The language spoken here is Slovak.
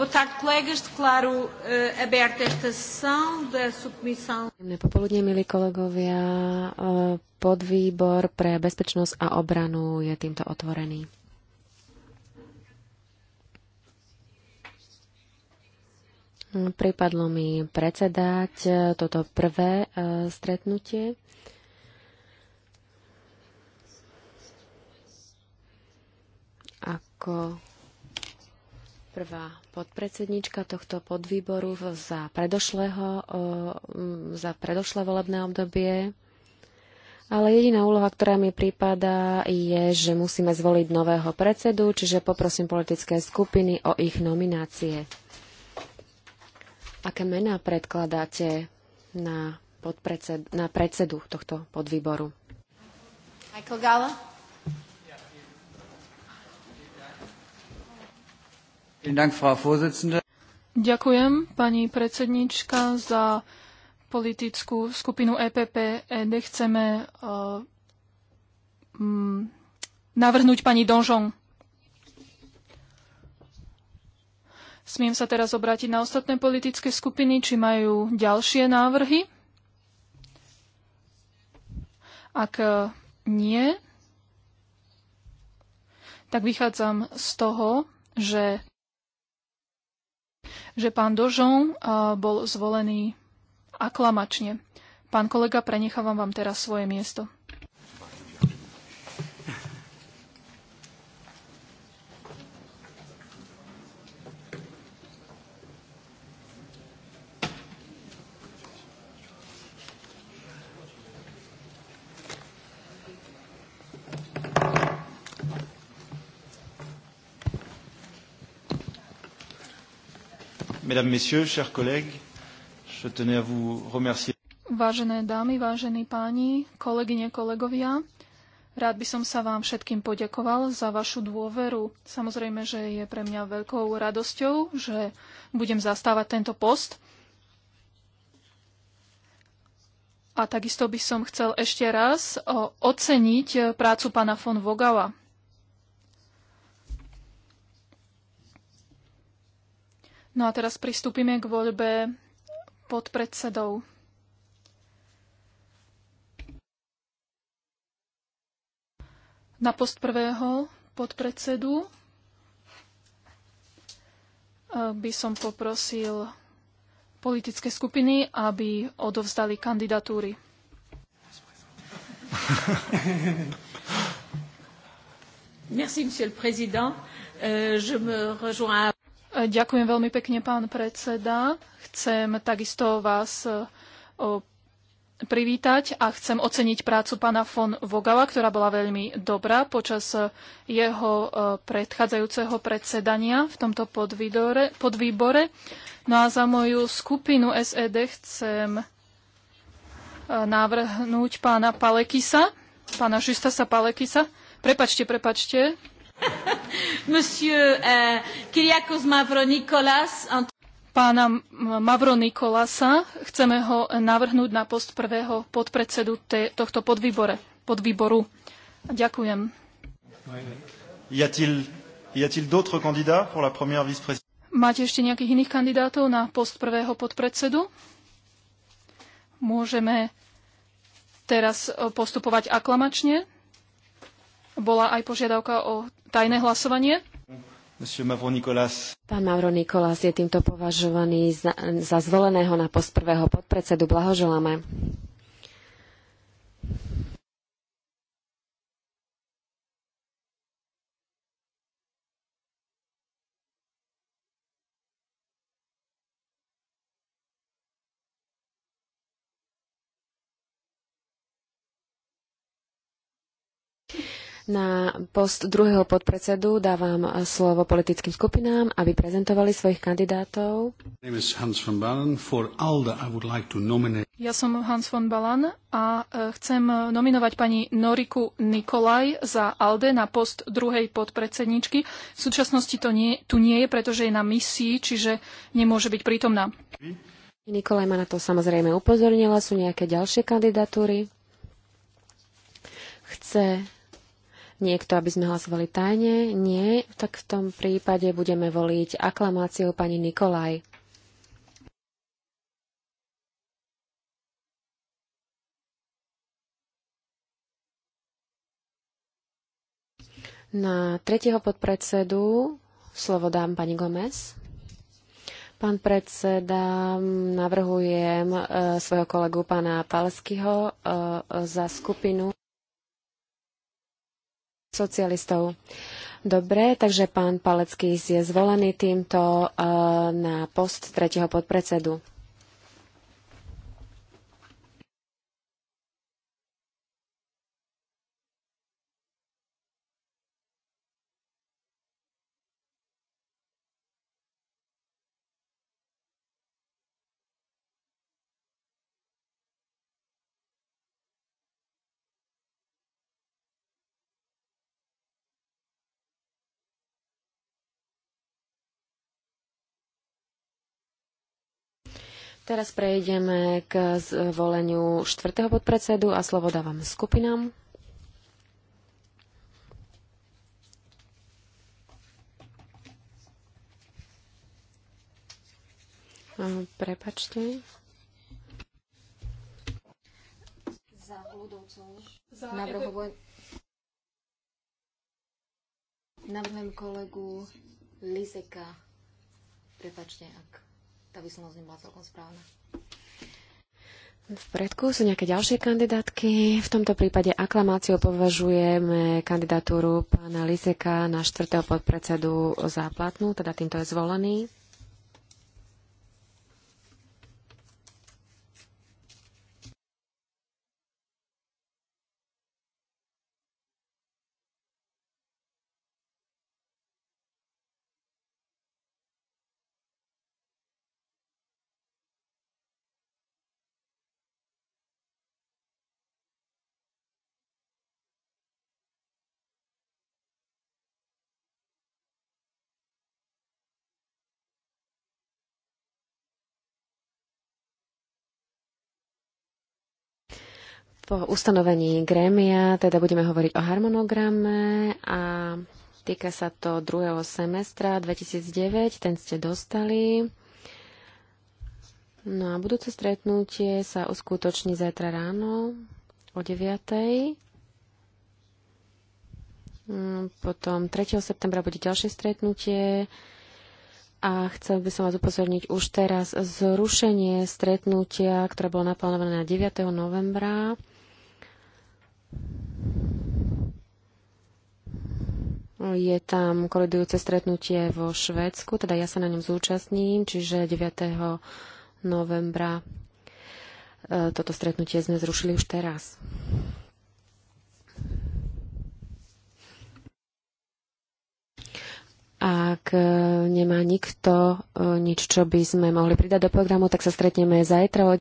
Boa tarde, colegas. Declaro uh, aberta esta sessão da submissão. popoludne, milí kolegovia. Eh, podvýbor pre bezpečnosť a obranu je týmto otvorený. Pripadlo mi predsedať eh, toto prvé stretnutie. Ako prvá podpredsednička tohto podvýboru za predošlého, za predošlé volebné obdobie. Ale jediná úloha, ktorá mi prípada, je, že musíme zvoliť nového predsedu, čiže poprosím politické skupiny o ich nominácie. Aké mená predkladáte na, podpredsed- na predsedu tohto podvýboru? Michael Gala. Ďakujem pani predsednička za politickú skupinu EPP. ED chceme uh, eh, mm, navrhnúť pani Donžon. Smiem sa teraz obrátiť na ostatné politické skupiny, či majú ďalšie návrhy. Ak eh, nie, tak vychádzam z toho, že že pán Dožon eh, bol zvolený aklamačne. Pán kolega, prenechávam vám teraz svoje miesto. Mesdames, Messieurs, chers collègues, je tenais à vous remercier. Vážené dámy, vážení páni, kolegyne, kolegovia, rád by som sa vám všetkým poďakoval za vašu dôveru. Samozrejme, že je pre mňa veľkou radosťou, že budem zastávať tento post. A takisto by som chcel ešte raz oceniť eh, prácu pána von Vogala. No a teraz pristúpime k voľbe podpredsedov. Na post prvého podpredsedu eh, by som poprosil politické skupiny, aby odovzdali kandidatúry. Merci, monsieur le président. Euh, je me rejoins Ďakujem veľmi pekne, pán predseda. Chcem takisto vás e, privítať a chcem oceniť prácu pána von Vogala, ktorá bola veľmi dobrá počas e, jeho e, predchádzajúceho predsedania v tomto podvýbore. No a za moju skupinu SED chcem navrhnúť pána Palekisa, pána Žustasa Palekisa. Prepačte, prepačte. Monsieur eh, Kyriakos Mavronikolas. Pána Mavro chceme ho navrhnúť na post prvého podpredsedu te, tohto podvýbore, podvýboru. Ďakujem. Y a-t-il d'autres candidats pour la première vice-présidente? Máte ešte nejakých iných kandidátov na post prvého podpredsedu? Môžeme teraz eh, postupovať aklamačne. Bola aj požiadavka o tajné hlasovanie? Pán Mauro Nikolás je týmto považovaný za, za zvoleného na post prvého podpredsedu. Blahoželáme. Na post druhého podpredsedu dávam slovo politickým skupinám, aby prezentovali svojich kandidátov. Ja som Hans von Balan a e, chcem nominovať pani Noriku Nikolaj za ALDE na post druhej podpredsedničky. V súčasnosti to nie, tu nie je, pretože je na misii, čiže nemôže byť prítomná. Nikolaj ma na to samozrejme upozornila. Sú nejaké ďalšie kandidatúry? Chce niekto, aby sme hlasovali tajne? Nie, tak v tom prípade budeme voliť aklamáciou pani Nikolaj. Na tretieho podpredsedu slovo dám pani Gomez. Pán predseda, navrhujem e, svojho kolegu pána Palskyho e, e, za skupinu socialistov. Dobre, takže pán Palecký je zvolený týmto eh, na post tretieho podpredsedu. Teraz prejdeme k zvoleniu štvrtého podpredsedu a slovo dávam skupinám. Prepačte. Za ľudovcov. Za Navrhujem kolegu Lizeka. Prepačte, ak tá vyslovnosť nebola celkom správna. V predku sú nejaké ďalšie kandidátky. V tomto prípade aklamáciou považujeme kandidatúru pána Liseka na štvrtého podpredsedu za platnú, teda týmto je zvolený. po ustanovení grémia, teda budeme hovoriť o harmonograme a týka sa to druhého semestra 2009, ten ste dostali. No a budúce stretnutie sa uskutoční zajtra ráno o 9. Mm, potom 3. septembra bude ďalšie stretnutie a chcel by som vás upozorniť už teraz zrušenie stretnutia, ktoré bolo naplánované na 9. novembra Je tam kolidujúce stretnutie vo Švedsku, teda ja sa na ňom zúčastním, čiže 9. novembra e, toto stretnutie sme zrušili už teraz. Ak e, nemá nikto e, nič, čo by sme mohli pridať do programu, tak sa stretneme zajtra